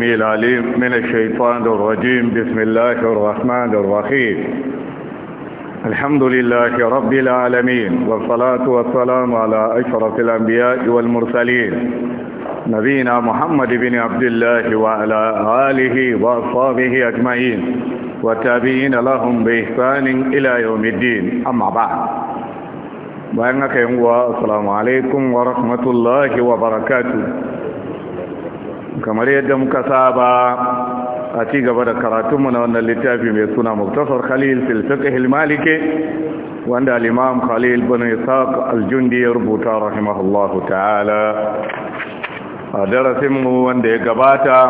بسم العليم من الشيطان الرجيم بسم الله الرحمن الرحيم الحمد لله رب العالمين والصلاة والسلام على أشرف الأنبياء والمرسلين نبينا محمد بن عبد الله وعلى آله وأصحابه أجمعين وتابعين لهم بإحسان إلى يوم الدين أما بعد بأنك يوم السلام عليكم ورحمة الله وبركاته kamar yadda muka saba a ci gaba da karatunmu na wannan littafi mai suna muktasar khalil filfiqh maliki wanda al-imam khalil bin isaq al ya rubuta rahimahullahu ta'ala a darasinmu wanda ya gabata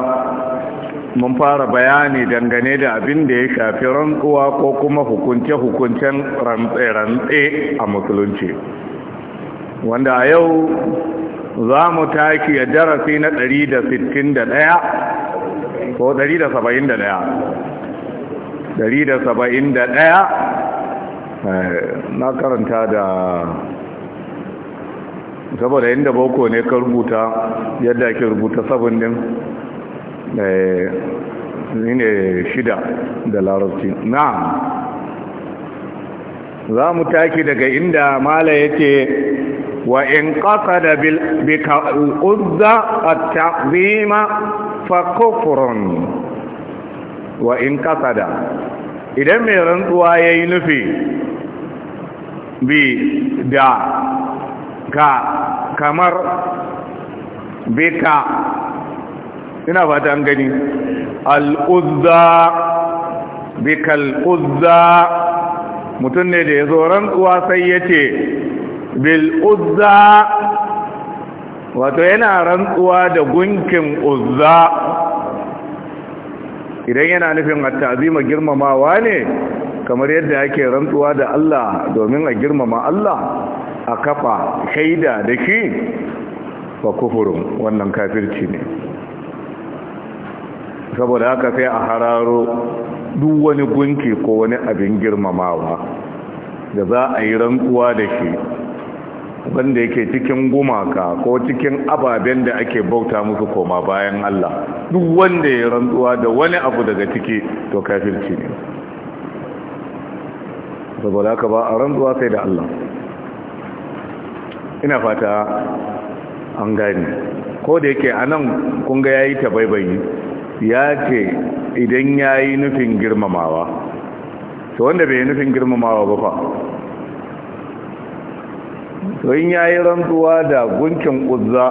mun fara bayani dangane da abin da ya shafi rantsuwa ko kuma hukunce-hukuncen rantse-rantse a musulunci wanda a yau za mu taki ya darasi na 161 ko 171 171 eh, na karanta da saboda inda boko ne ka rubuta yadda ake rubuta sabon din eh, ne shida da larabci na za mu taki daga inda mala yake وإن قصد بك القذة التعظيم فكفر وإن قصد إذا من رنطوا ينفي بدا ka kamar beka ina fata an gani al'uzza bika mutum ne da ya zo rantsuwa sai ya ce bil uzza wato yana rantsuwa da gunkin uzza idan yana nufin attazima girmamawa ne kamar yadda yake rantsuwa da Allah domin a girmama Allah a kafa shaida da shi fa kufurin wannan kafirci ne saboda haka sai a hararo duk wani gunki ko wani abin girmamawa da za a yi rantsuwa da shi wanda yake cikin gumaka ko cikin ababen da ake bauta musu koma bayan Allah duk wanda ya rantsuwa da wani abu daga ciki to kafirci ne saboda ka ba a rantsuwa sai da Allah ina fata an gani ko da yake anan kun ga yayi tabaibayi ya ce idan yayi nufin girmamawa to wanda bai nufin girmamawa ba fa to in yayi rantsuwa da gunkin uzza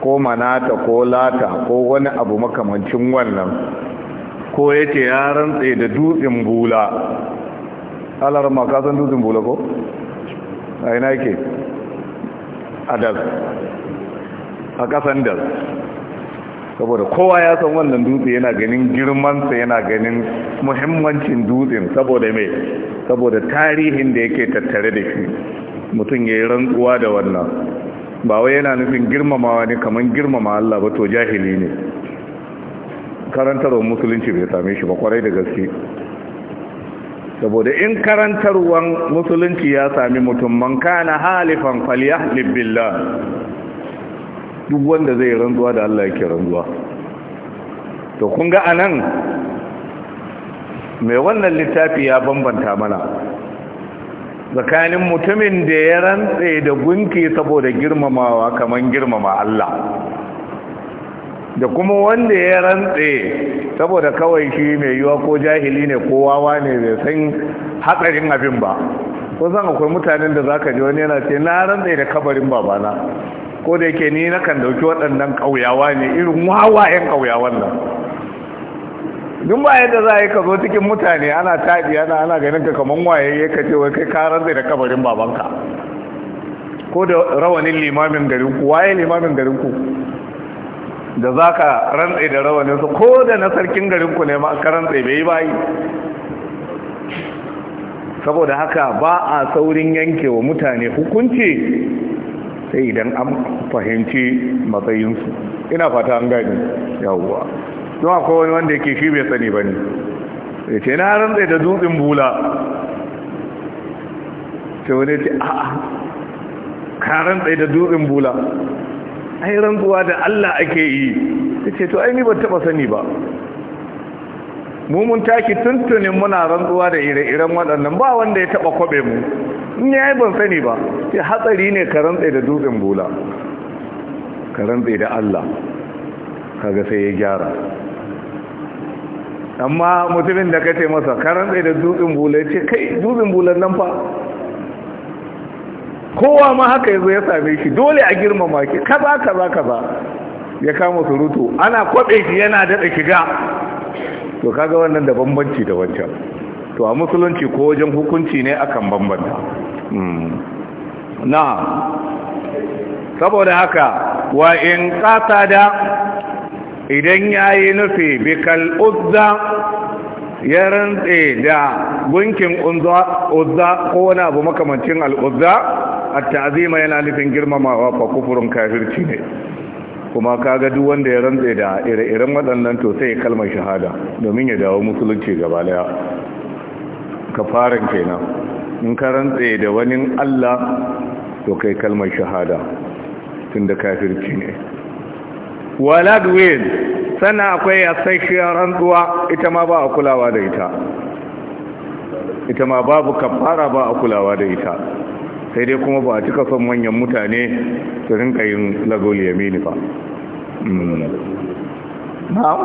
ko manata ko lata ko wani abu makamancin wannan ko yake ya rantse da dutsin bula alar ma ka san dutsin bula ko a ina yake Adal a kasan dal. saboda kowa ya san wannan dutse yana ganin girmansa yana ganin muhimmancin dutsen saboda mai saboda tarihin da yake tattare da shi mutum ya yi rantsuwa da wannan ba wai yana nufin girmamawa ne kamar girmama Allah ba to jahili ne karantarwar musulunci bai same shi ba kwarai da gaske saboda in karantarwar musulunci ya sami mutum man kana halifan falyahlib billah duk wanda zai rantsuwa da Allah yake rantsuwa to kun ga anan mai wannan littafi ya bambanta mana tsakanin mutumin da ya rantse da gunki saboda girmamawa kamar girmama Allah da kuma wanda ya rantse saboda kawai shi mai yiwa ko jahili ne ko wawa ne bai san hatsarin abin ba ko san akwai mutanen da zaka ji wani yana ce na rantse da kabarin babana ko da yake ni na kan dauki waɗannan ƙauyawa ne irin wawayen ƙauyawan nan dun ba yadda za a yi ka zo cikin mutane ana taɗi ana ana ganin ka kaman waye ya kace wai kai karar da kabarin babanka ko da rawanin limamin garin ku waye limamin garin ku da za ka rantse da rawanin su ko da na sarkin garin ku ne ma ka rantsa bai bayi saboda haka ba a saurin yanke wa mutane hukunci sai idan an fahimci matsayinsu ina fata an gani yawuwa don akwai wani wanda yake shi bai sani ba ne ya ce na rantsai da dutsen bula ce wani ce a'a ka rantsai da dutsen bula ai rantsuwa da Allah ake yi ta ce to aini ni ba taba sani ba mu mun taki tuntunin muna rantsuwa da ire-iren waɗannan ba wanda ya taba kwabe mu in ya yi ban sani ba ce hatsari ne ka rantsai da dutsen bula ka rantsai da Allah kaga sai ya gyara amma mutumin da kace masa karan da dubin bulai ce kai dubin bulan nan fa kowa ma haka yazo ya same shi dole a girmama ki kaza kaza kaza ya kama surutu ana kwabe shi yana daɗa shiga to kaga wannan da bambanci da wancan to a musulunci ko wajen hukunci ne akan bambanta hmm. na saboda haka wa in qatada idan ya yi nufi bikal uzza ya rantse da gunkin uzza ko wani abu makamancin al'uzza a ta'azima yana nufin girmamawa fa kufurin kafirci ne kuma kaga duk wanda ya rantse da ire-iren waɗannan to sai kalmar shahada domin ya dawo musulunci gaba Ka fara kenan in ka rantse da wani Allah to kai kalmar shahada tunda kafirci ne walagwin sannan akwai yasashiyar rantsuwa ita ma ba a kulawa da ita ita ma babu kafara ba a kulawa da ita sai dai kuma ba a cika son manyan mutane su rinka yin lagol yamini ba hmm. na'am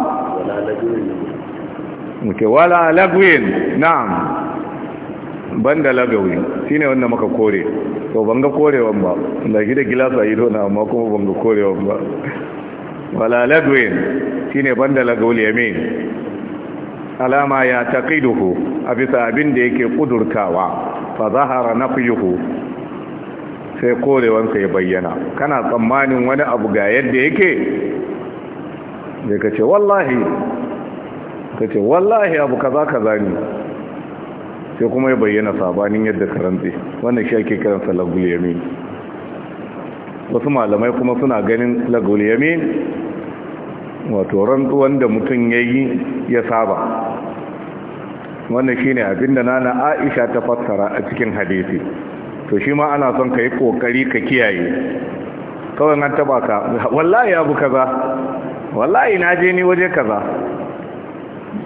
muke wala lagwin na'am banda lagawin shine wanda muka kore to banga korewan ba da gida gilasa ido na amma kuma banga korewan ba wala ladwin shine banda lagawul yamin alama ya taqiduhu a bisa abin da yake kudurtawa fa zahara nafyuhu sai korewansa ya bayyana kana tsammanin wani abu ga yadda yake da ka ce wallahi ka ce wallahi abu kaza kaza ne sai kuma ya bayyana sabanin yadda karanti wannan shi ake kiransa lagul yamin wasu malamai kuma suna ganin lagul yamin wato rantsuwan da mutum ya yi ya saba wannan shine abinda nana Aisha ta fassara a cikin hadisi to shi ma ana son ka yi kokari ka kiyaye kawai an taba ka wallahi abu kaza wallahi na je ni waje kaza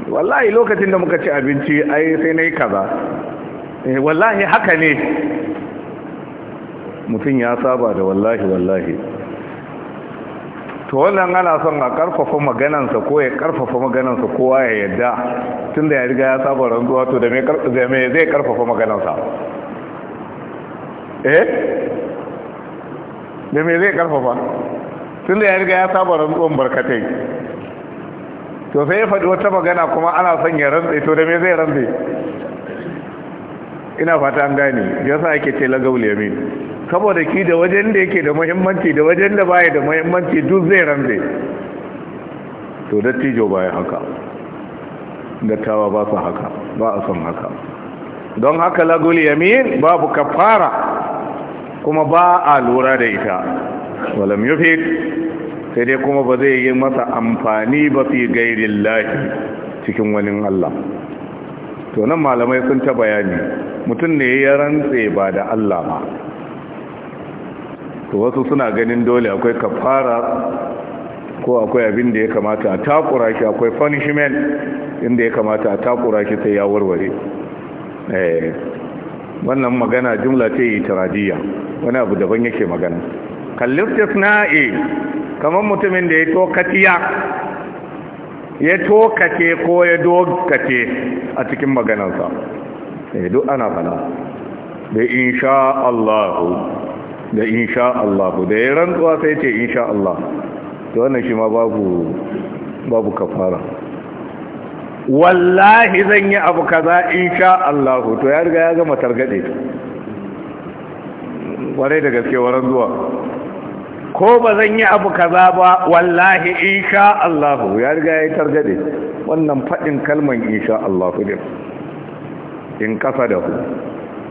wallahi lokacin da muka ci abinci ai sai nayi kaza eh wallahi haka ne mutum ya saba da wallahi wallahi to wannan ana son a karfafa maganansa ko ya karfafa maganansa kowa ya yadda tunda ya riga ya saba rantsuwa to da mai zai karfafa maganansa eh da mai zai karfafa tunda ya riga ya saba rantsuwan barkatai to sai ya faɗi wata magana kuma ana son ya rantsa to da mai zai rantsa ina fata an gani yasa ake ce lagawul yamin saboda ki da wajen da yake da muhimmanci da wajen da baya da muhimmanci duk zai rambe to dattijo baya haka dattawa ba su haka ba a son haka don haka lagul yamin babu kafara kuma ba a lura da ita walam yufi sai dai kuma ba zai yi masa amfani ba fi gairin lahi cikin wani Allah to nan malamai sun ta bayani mutum ne ya rantse ba da Allah ba to wasu suna ganin dole akwai kafara ko akwai abin da ya kamata a takura shi akwai punishment inda ya kamata a takura shi sai ya warware eh, wannan magana jumla ce itiradiyya wani abu daban yake magana kalliftis na'i kamar mutumin da ya tokatiya ya tokace ko ya dokace a cikin maganarsa eh, duk ana fana da insha Allah da insha Allah da ya rantsuwa sai ce insha Allah to wannan shi ma babu kafara wallahi zan yi abu kaza insha Allah to ya riga ya gama targade ƙwarai da gaske wa zuwa ko ba zan yi abu kaza ba wallahi insha Allah ya riga ya yi targade wannan fadin kalman insha Allah din in kasa da ku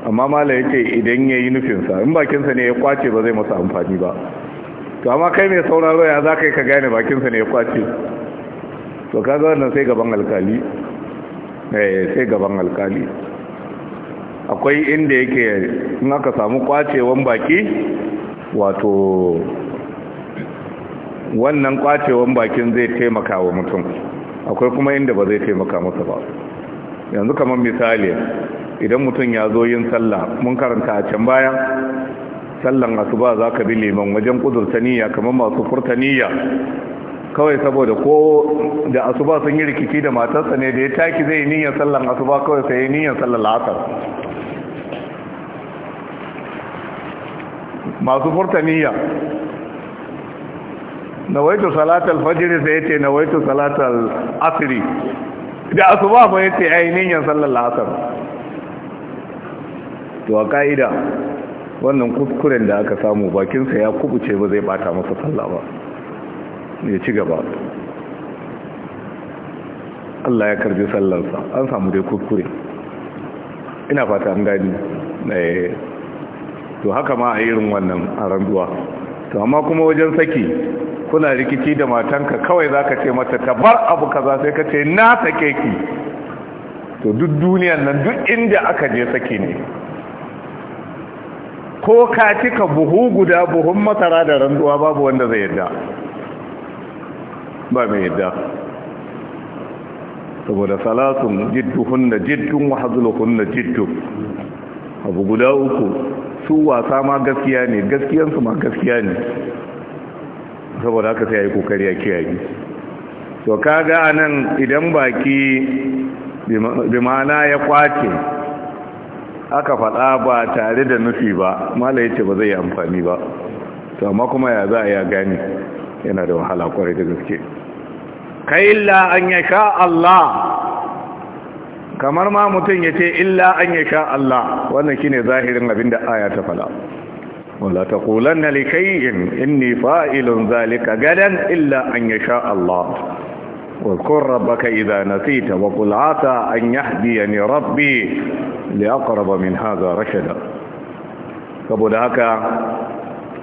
amma mala ya ce idan ya yi nufinsa in bakinsa ne ya kwace ba zai masa amfani ba to amma kai mai sauraro ya za ka yi ka gane bakinsa ne ya kwace to kaga wannan sai gaban alkali eh, sai gaban alkali akwai inda yake in aka samu kwacewan baki wato wannan kwacewan bakin zai taimaka wa mutum akwai kuma inda ba zai taimaka masa ba yanzu kamar misali idan mutum ya zo yin sallah mun karanta a can baya sallan asuba za ka bi liman wajen kudurta niyya kamar masu furta niyya kawai saboda ko da asuba sun yi rikici da matarsa ne da ya taki zai niyyar sallan asuba kawai sai yi niyyar sallan la'asar masu furta niyya nawaitu salatal fajiri sai na nawaitu salatal asiri da asuba ba yace ai niyyar sallan la'asar to a ka'ida wannan kuskuren da aka samu bakinsa ya kubuce ba zai bata masa sallah ba ya ci gaba Allah ya karbi sallarsa an samu dai kuskure ina fata an gani eh, to haka ma a irin wannan a randuwa to amma kuma wajen saki kuna rikici da matanka kawai za ka ce mata ta bar abu kaza sai ka ce na sake ki to duk duniyan nan duk inda aka je saki ne ko ka cika buhu guda buhun masara da randuwa babu wanda zai yadda ba mai yadda saboda salatun jidduhun da jiddun wahazuluhun da jiddu abu guda uku su wasa ma gaskiya ne gaskiyansu ma gaskiya ne saboda haka sai ya yi kokari a kiyaye to kaga anan idan baki bi ma'ana ya kwace aka faɗa ba tare da nufi ba mala yace ba zai yi amfani ba to amma kuma ya za a ya gane yana da wahala kwarai da gaske ka illa an ya sha Allah kamar ma mutum ya ce illa an ya sha Allah wannan shine zahirin abin da aya ta fala wala taqulanna in ni fa'ilun zalika gadan illa an ya sha Allah واذكر ربك إذا نسيت وقل عسى أن يهديني ربي لأقرب من هذا رشدا saboda haka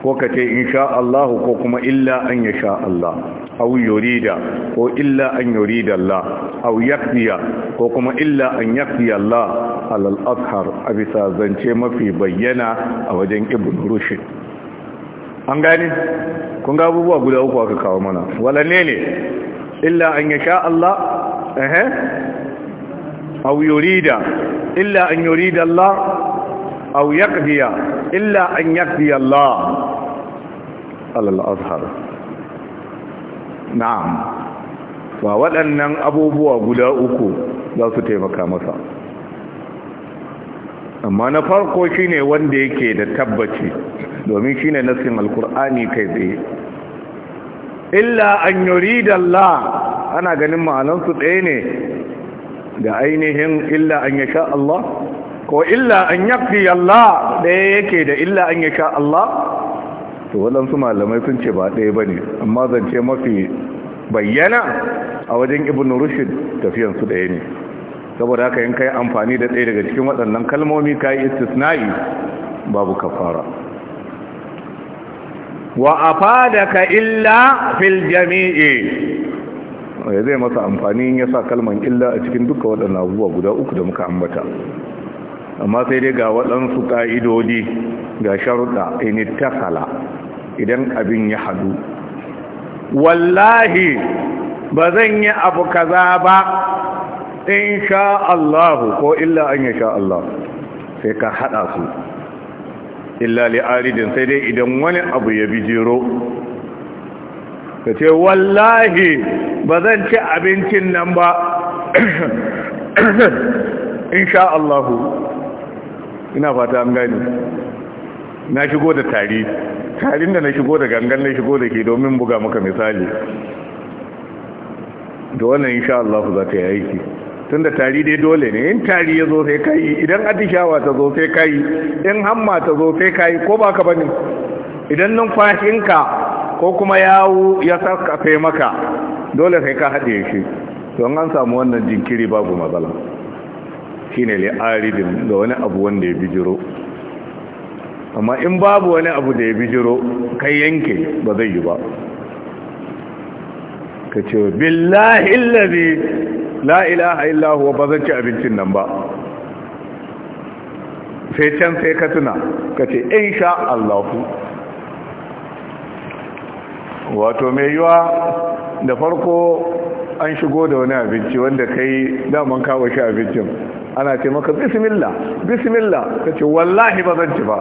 ko ka ce insha Allah ko kuma illa an ya sha Allah au yurida ko illa an yurida Allah au ko kuma illa an yakfiya Allah alal azhar a zance mafi bayyana a wajen ibn rushd an gane kun ga abubuwa guda uku aka kawo mana walanne ne illa an sha Allah eh aw yurida illa an yurida Allah aw yaqdiya illa an yaqdi Allah al-azhar na'am Ba waɗannan abubuwa guda uku za su taimaka masa amma na farko shi ne wanda yake da tabbaci domin shi ne nasin alkur'ani kai tsaye illa an yuridallah ana ganin ma'anansu su ɗaya ne da ainihin illa an yasha Allah ko illa an yafi Allah ɗaya yake da illa an yasha Allah to waɗansu malamai sun ce ba ɗaya bane amma zance mafi bayyana a wajen ibn rushd tafiyan su ɗaya ne saboda haka yin kai amfani da ɗaya daga cikin waɗannan kalmomi kai istisna'i babu kafara wa ka illa fil jami'i zai masa amfani ya sa kalman illa a cikin duka waɗannan abubuwa guda uku da muka ambata amma sai dai ga waɗansu ƙa'idodi ga sharuɗa in takala idan abin ya haɗu wallahi ba zan yi abu kaza ba in sha Allahu ko illa an ya sha Allah sai ka haɗa su illa li aridin sai dai idan wani abu ya bi jero, ka ce wallahi ba zan ci abincin nan ba insha Allahu ina fata an gani na shigo da tari tarin da na shigo da gangan na shigo da ke domin buga maka misali da wannan insha Allahu za ta yi aiki tunda tari dai dole ne in tari ya zo sai kai idan atishawa ta zo sai kai in hamma ta zo sai kai ko ba ka bane idan numfashinka ko kuma yawo ya sarkafe maka dole sai ka haɗe shi to an samu wannan jinkiri babu matsala shine li'aridin da wani abu wanda ya bijiro amma in babu wani abu da ya bijiro kai yanke ba zai yi ba ka ce billahi allazi la ilaha illahu wa ba zan ci abincin nan ba sai can sai ka tuna ka ce insha Allahu wato mai yiwa da farko an shigo da wani abinci wanda ka yi daman kawo shi abincin ana ce maka bismillah bismillah ka ce wallahi ba zan ci ba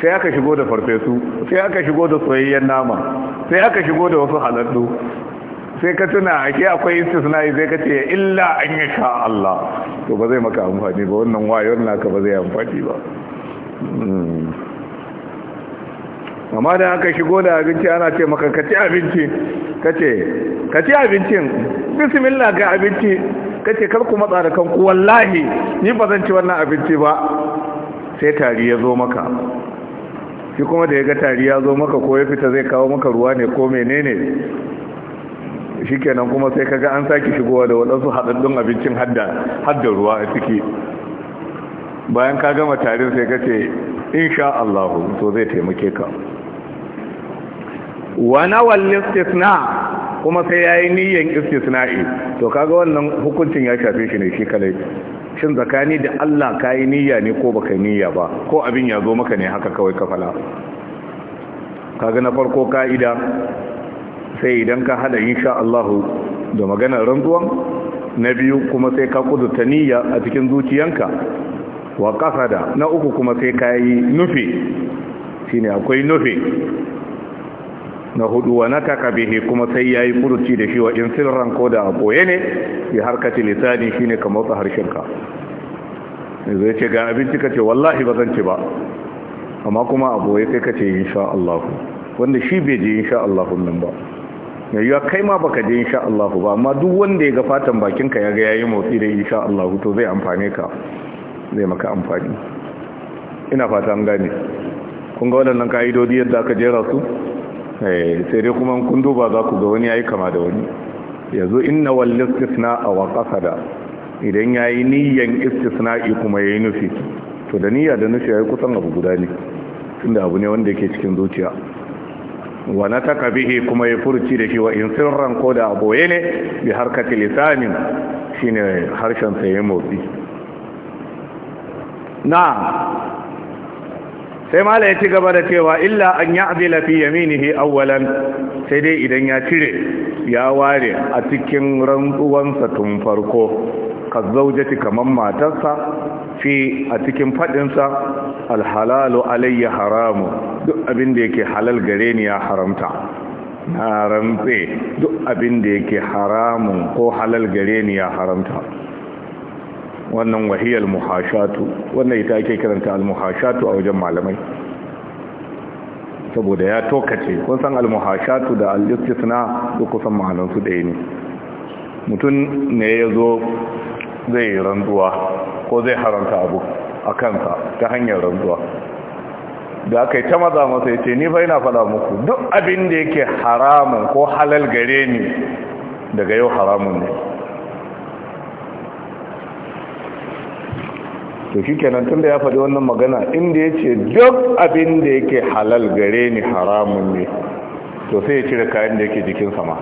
sai aka shigo da farfesu sai aka shigo da soyayyen nama sai aka shigo da wasu halattu sai ka tuna ake akwai istisnai sai ka ce illa an yi sha Allah to ba zai maka amfani ba wannan wayon naka ba zai amfani ba hmm. amma da aka shigo da abinci ana ce maka ka ci abinci ka ce ka ci abincin bismillah ga abinci ka ce kar ku matsa da kanku wallahi ni ba zan ci wannan abinci ba sai tari ya zo maka shi kuma da ya ga tari ya zo maka ko ya fita zai kawo maka ruwa ne ko menene shikenan kuma sai kaga an sake shigowa da wadansu haɗaɗɗun abincin hadda ruwa a ciki bayan ka gama tarin sai ka ce insha Allah to zai taimake ka wa nawal istisna kuma sai ya yi niyan istisna'i to kaga wannan hukuncin ya shafe shi ne shi kalai shin tsakani da Allah ka yi niyya ne ko baka niyya ba ko abin ya zo maka ne haka kawai kafala kaga na farko ka'ida sai idan ka hada insha Allah da maganar rantsuwan na biyu kuma sai ka kudurta niyya a cikin zuciyanka wa kasada na uku kuma sai ka yi nufi shine akwai nufi na hudu wa na bihi kuma sai yayi furuci da shi wa in sirran ko da boye ne ya harkati lisani shine ka motsa harshenka zai ce ga abinci ce wallahi ba zan ci ba amma kuma aboye sai kace insha Allah wanda shi bai ji insha Allah nan ba yayya kai ma baka je insha Allah ba amma duk wanda ya ga fatan bakinka ya ga yayi motsi da insha Allah to zai amfane ka zai maka amfani ina fata an gane kun ga waɗannan ka'idodi yadda aka jera su eh, sai dai kuma kun duba za ku ga wani yayi kama da wani yazo inna wal istisna aw qasada idan yayi niyyan istisna'i kuma yayi nufi to da niyya da nufi yayi kusan abu guda ne tunda abu ne wanda yake cikin zuciya wa nataka bihi kuma ya furci da shi wa in sun ko da aboye ne bi harkati lisanin shine harshen sa ya motsi na sai mala ya ci gaba da cewa illa an ya adila fi yaminihi awwalan sai dai idan ya cire ya ware a cikin rantsuwansa tun farko ka zaujati kamar matarsa fi a cikin faɗinsa alhalalu alayya haramu duk abin da yake halal gare ni ya haramta na rantse duk abin da yake haramun ko halal gare ni ya haramta wannan wahiyar muhashatu wannan ita ake kiranta almuhashatu a wajen malamai saboda ya tokace kun san almuhashatu da al-istisna duk kusan ma'anansu ɗaya ne mutum ne ya zo zai rantsuwa ko zai haramta abu a kansa ta hanyar rantsuwa da aka yi ta maza masa ya ce ni fa yana fada muku duk abin da yake haramun ko halal gare ni daga yau haramun ne to shi kenan tun da ya faɗi wannan magana inda ya ce duk abin da yake halal gare ni haramun ne to sai ya cire kayan da yake jikin sama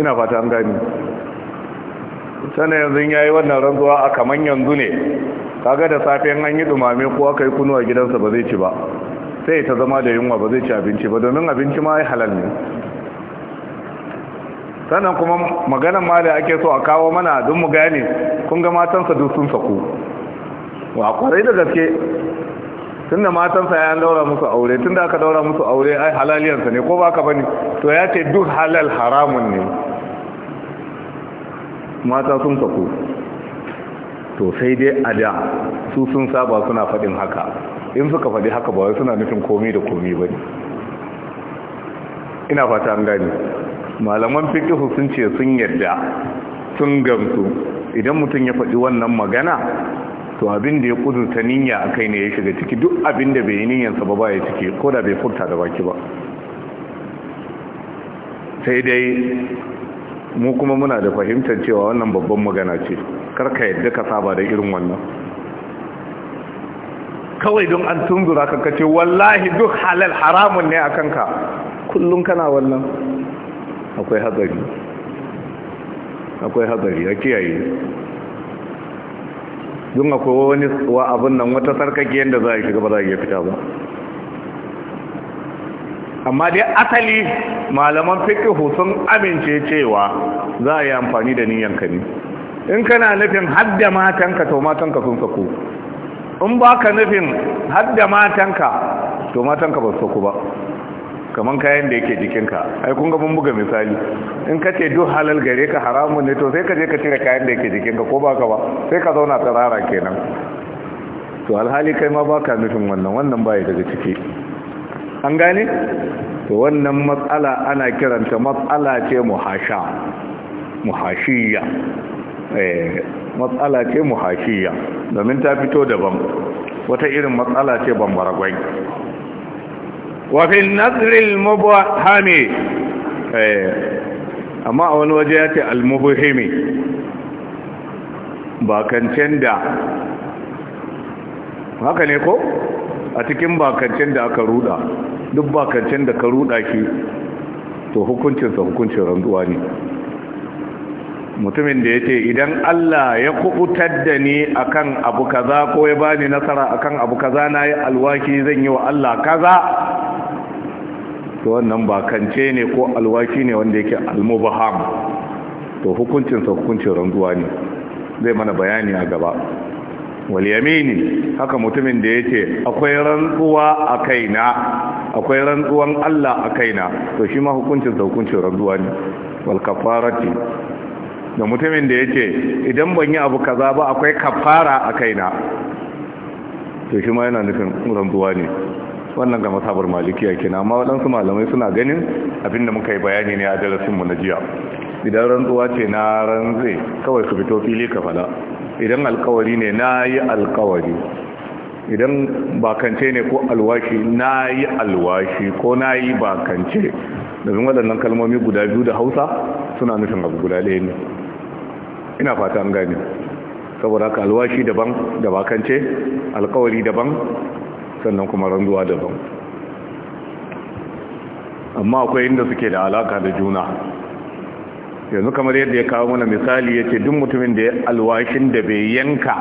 ina fata an gani sannan yanzu ya yi wannan rantsuwa a kaman yanzu ne kaga da safiyan an yi dumame ko aka yi kunu a gidansa ba zai ci ba sai ta zama da yunwa ba zai ci abinci ba domin abinci ma ya halal ne sannan kuma maganan ma da ake so a kawo mana don mu gane kun ga matansa duk sun saku wa kwarai da gaske tunda matansa ya daura musu aure tunda aka daura musu aure ai halaliyarsa ne ko ba ka bane to ya ce duk halal haramun ne mata sun sako to sai dai a da su sun saba suna faɗin haka in suka faɗi haka ba wai suna nufin komi da komi ba ne ina fata an gani malaman fikihu sun ce sun yarda sun gamsu idan mutum ya faɗi wannan magana to abin da ya kudurta niyya a kai ne ya shiga ciki duk abin da bai yi niyyansa ba ba ya ciki ko da bai furta da baki ba sai dai mu kuma muna da fahimtar cewa wannan babban magana ce karka yadda ka saba da irin wannan kawai don an tunzura ka kace wallahi duk halal haramun ne a kanka kullum kana wannan akwai hatsari akwai hatsari a kiyaye don akwai wani wa abin nan wata sarkaki yadda za a shiga ba za a iya fita ba amma dai asali malaman fiqhu sun amince cewa za a yi amfani da niyyanka ne in kana nufin hadda matanka to matanka sun sako in ba ka nufin hadda matanka to matanka ba sako ba kaman kayan da yake jikinka ai kun ga buga misali in ka ce duk halal gare ka haramun ne to sai ka je ka cire kayan da yake jikinka ko baka ba sai ka zauna tsarara kenan to alhali kai ma baka nufin wannan wannan baya daga ciki an gane to wannan matsala ana kiranta matsala ce muhasha muhashiya eh, matsala ce muhashiya domin ta fito daban wata irin matsala ce bambaragwai wa fi nazril mubahami eh, amma a wani waje ya ce almubahimi ba kancen da haka ne ko a cikin bakancen da aka ruda duk bakancin da ka ruda shi to hukuncinsa hukuncin randuwa ne mutumin da ya ce idan Allah ya kubutar da ni akan abu kaza ko ya bani nasara akan abu kaza na yi alwaki zan yi wa Allah kaza to wannan bakance ne ko alwaki ne wanda yake almubaham to hukuncinsa hukuncin ranzuwa ne zai mana bayani a gaba waliyamini haka mutumin da ce akwai rantsuwa a kaina akwai rantsuwan Allah a kaina to shi ma hukuncin da hukuncin rantsuwa ne wal kafarati da mutumin da yace idan ban yi abu kaza ba akwai kafara a kaina to shi ma yana nufin rantsuwa ne wannan ga masabar malikiya na. amma waɗansu malamai suna ganin abinda muka yi bayani ne a darasinmu na jiya idan rantsuwa ce na ranzai kawai su fito fili ka fala idan alkawari ne na yi alkawari idan bakance ne ko alwashi na yi alwashi ko na yi bakance domin waɗannan kalmomi guda biyu da hausa suna nufin abu guda ɗaya ne ina fata an gani, saboda haka alwashi daban da bakance alkawari daban sannan kuma ranzuwa daban amma akwai inda suke da alaka da juna yanzu kamar yadda ya kawo mana misali ya ce duk mutumin da ya alwashin da bai yanka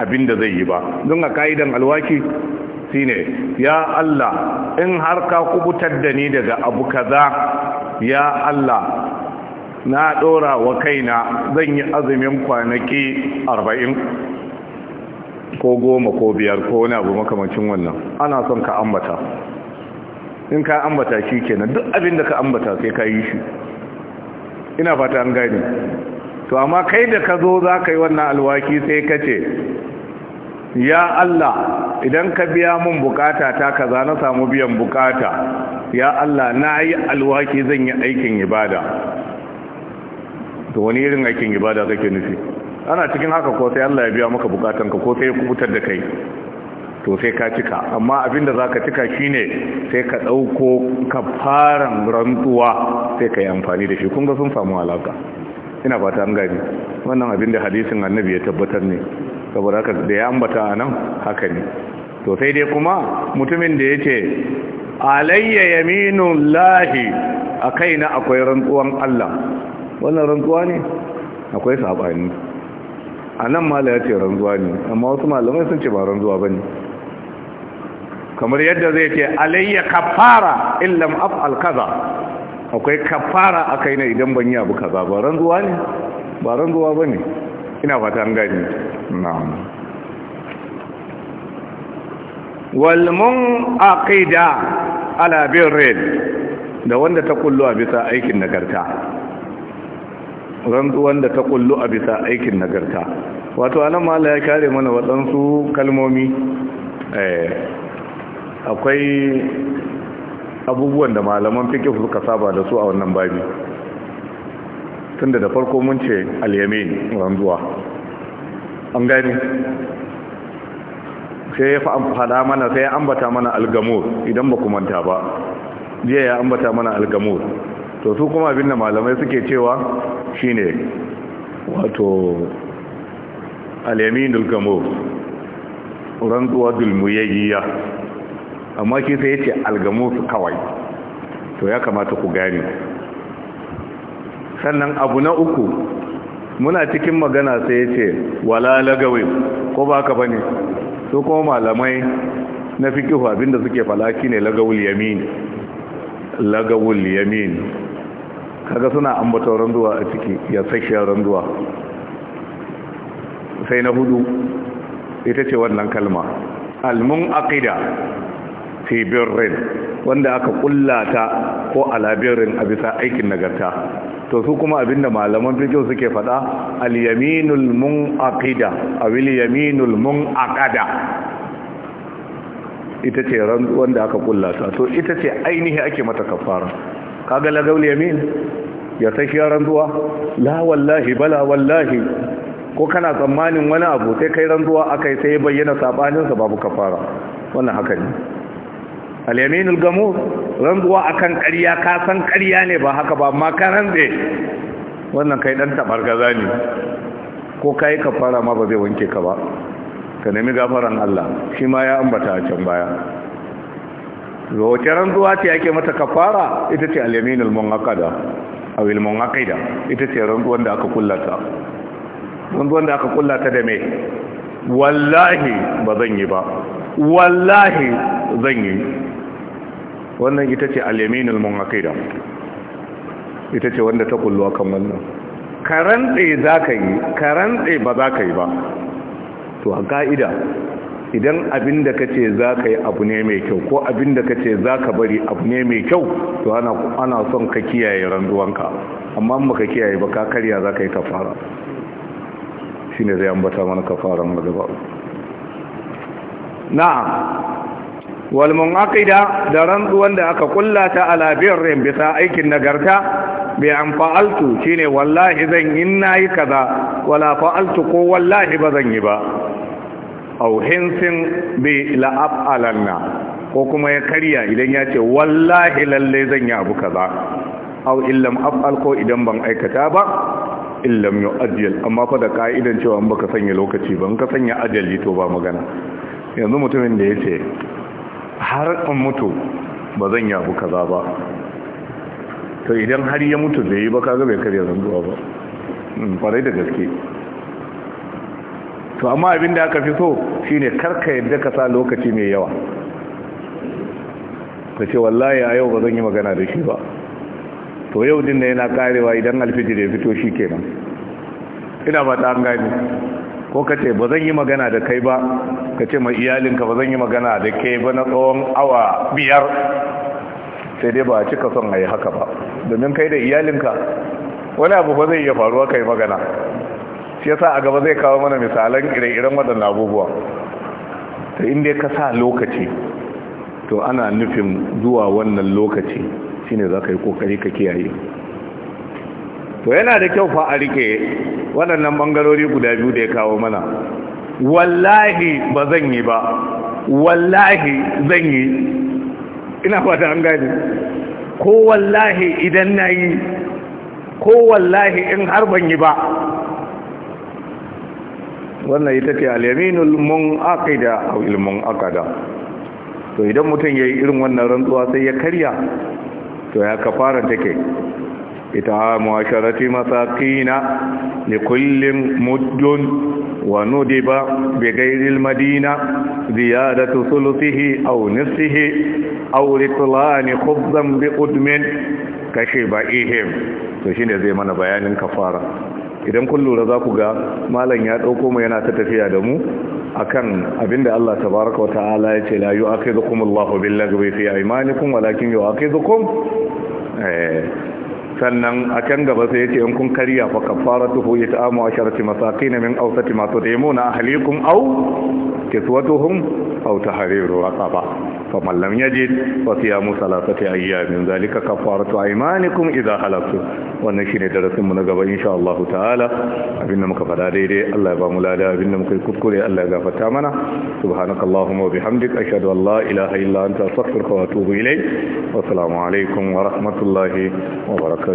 abin da zai yi ba don a ka'idan alwashi ne ya Allah in har ka kubutar da ni daga abu kaza ya Allah na dora wa kaina zan yi azumin kwanaki arba'in ko goma ko biyar ko wani abu makamancin wannan ana son ka ambata in ka ambata shi kenan duk abin da ka ambata sai ka yi shi ina fata an gani to amma kai da ka zo za ka yi wannan alwaki sai ka ce ya Allah idan ka biya mun bukata ta kaza na samu biyan bukata ya Allah na yi alwaki zan yi aikin ibada to wani irin aikin ibada kake nufi ana cikin haka ko sai Allah ya biya maka bukatanka ko sai ya kubutar da kai to sai ka cika amma abinda za ka cika shine sai ka ɗauko kafaran rantsuwa sai ka yi amfani da shi kun ga sun samu alaka ina ba ta gani wannan abin da hadisin annabi ya tabbatar ne saboda haka da ya ambata anan, nan haka ne to sai dai kuma mutumin da ya ce alayya yaminun lahi a kaina akwai rantsuwan Allah wannan rantsuwa ne akwai sabani a nan mala ya ce ranzuwa ne amma wasu malamai sun ce ba ranzuwa ba ne kamar yadda zai ce alayya kafara illam af'al kaza akwai kafara akai ne idan ban yi abu kaza ba ranzuwa ne ba ranzuwa bane ina fata an gani na'am wal munaqida ala birrin da wanda ta kullu a bisa aikin nagarta rantsuwan da ta kullu a bisa aikin nagarta wato anan mala ya kare mana waɗansu kalmomi eh akwai abubuwan da malaman kifu suka saba da su a wannan babi tunda da farko mun ce al ran zuwa an gani sai ya faɗa mana sai ya ambata mana algamur idan ba kumanta ba jiya ya ambata mana algamur to su kuma abin da malamai suke cewa shine wato alyamin algamur rantsuwa dulmuyayya amma shi sai ya algamus kawai to ya kamata ku gane sannan abu na uku muna cikin magana sai ya ce wala lagawe ko ba ka bane su kuma malamai na fikihu abinda suke falaki ne lagawul yamin lagawul yamin kaga suna ambaton randuwa a ciki ya sashiyar randuwa sai na hudu ita ce wannan kalma almun aqida fi birrin wanda aka kullata ko a labirin a bisa aikin nagarta to su kuma abinda malaman fiqh suke faɗa al mun aqida a al mun aqada ita ce wanda aka kullata to ita ce ainihi ake mata kafara kaga lagawul yamin ya saki rantsuwa la wallahi bala wallahi ko kana tsammanin wani abu sai kai rantsuwa akai sai bayyana sabaninsa babu kafara wannan haka ne alyaminul gamu rantsuwa akan ƙarya kasan san ƙarya ne ba haka ba amma ka rantse wannan kai dan gaza ne ko kai ka fara ma ba zai wanke ka ba ka nemi gafaran Allah shi ma ya ambata a can baya wace rantsuwa ce yake mata kafara ita ce alyaminul munaqada aw al munaqida ita ce rantsuwan da aka kullata rantsuwan da aka kullata da me wallahi ba zan yi ba wallahi zan yi wannan ita ce al-yaminul ita ce wanda ta kullu akan wannan karantse zaka yi karantse ba zaka yi ba to a ka'ida idan abin da ka ce yi abu ne mai kyau ko abin da ka ce bari abu ne mai kyau to ana son ka kiyaye randuwanka amma ba kiyaye ba ka karya za ka yi kafara shi zai ambata mana kafaran magaba na'am wal munaqida da rantsuwan da aka kullata ala birrin bisa aikin nagarta bi an fa'altu shine wallahi zan yi nayi kaza wala fa'altu ko wallahi ba zan yi ba aw hinsin bi la'afalanna ko kuma ya karya idan ya ce wallahi lalle zan yi abu kaza Au illam af'al ko idan ban aikata ba illam yu'ajjal amma fa da ka'idan cewa in baka sanya lokaci ba in ka sanya ajali to ba magana yanzu mutumin da yace har in mutu ba zan yi abu kaza ba to idan har ya mutu zai yi ba kaga bai karya zanduwa ba hmm, kwarai da gaske to amma abin da aka fi so shine karka yadda ka sa lokaci mai yawa ka ce wallahi a yau ba zan yi magana da shi ba to yau din da yana karewa idan alfijir ya fito shi kenan ina ba ta an gani ko ka ce ba zan yi magana da kai ba ka ce mai iyalinka ba zan yi magana da kai ba na tsawon awa biyar sai dai ba a cika son a yi haka ba domin kai da iyalinka wani abu ba zai iya faruwa kai magana shi yasa a gaba zai kawo mana misalan ire-iren waɗanda abubuwa ta inda ka sa lokaci to ana nufin zuwa wannan lokaci shine za ka yi ƙoƙari ka kiyaye to yana da kyau fa a rike waɗannan bangarori guda biyu da ya kawo mana wallahi ba zan yi ba wallahi zan yi ina fata an gani ko wallahi idan na yi ko wallahi in har ban yi ba wannan ita ce alyaminul aqida aw ilmun aqada to idan mutum yayi irin wannan rantsuwa sai ya karya to ya kafara take إطعام عشرة مساكين لكل مد وندب بغير المدينة زيادة ثلثه أو نصه أو لطلان خبزا بقدم كشبعهم فشين زي ما بيان كفارة idan kun lura za ku ga malam ya dauko mu yana ta tafiya da mu akan abinda Allah tabaraka wa ta'ala ya ce la yu'akhidhukum Allahu billaghwi fi aymanikum walakin yu'akhidhukum eh sannan a can gaba sai yace in kun karya fa kafaratuhu it'amu asharati masakin min awsati ma tudimuna ahlikum aw kiswatuhum aw tahriru raqaba faman lam yajid fa siyamu salasati ayyamin zalika kafaratu aymanikum idha halaftum wannan shine darasin mu na gaba insha Allah ta'ala abinda muka fada daidai Allah ya ba mu lada abinda muka kuskure Allah ya gafarta mana subhanakallahumma wa bihamdika ashhadu an la ilaha illa anta astaghfiruka wa atubu ilayk wa assalamu alaikum wa rahmatullahi wa barakatuh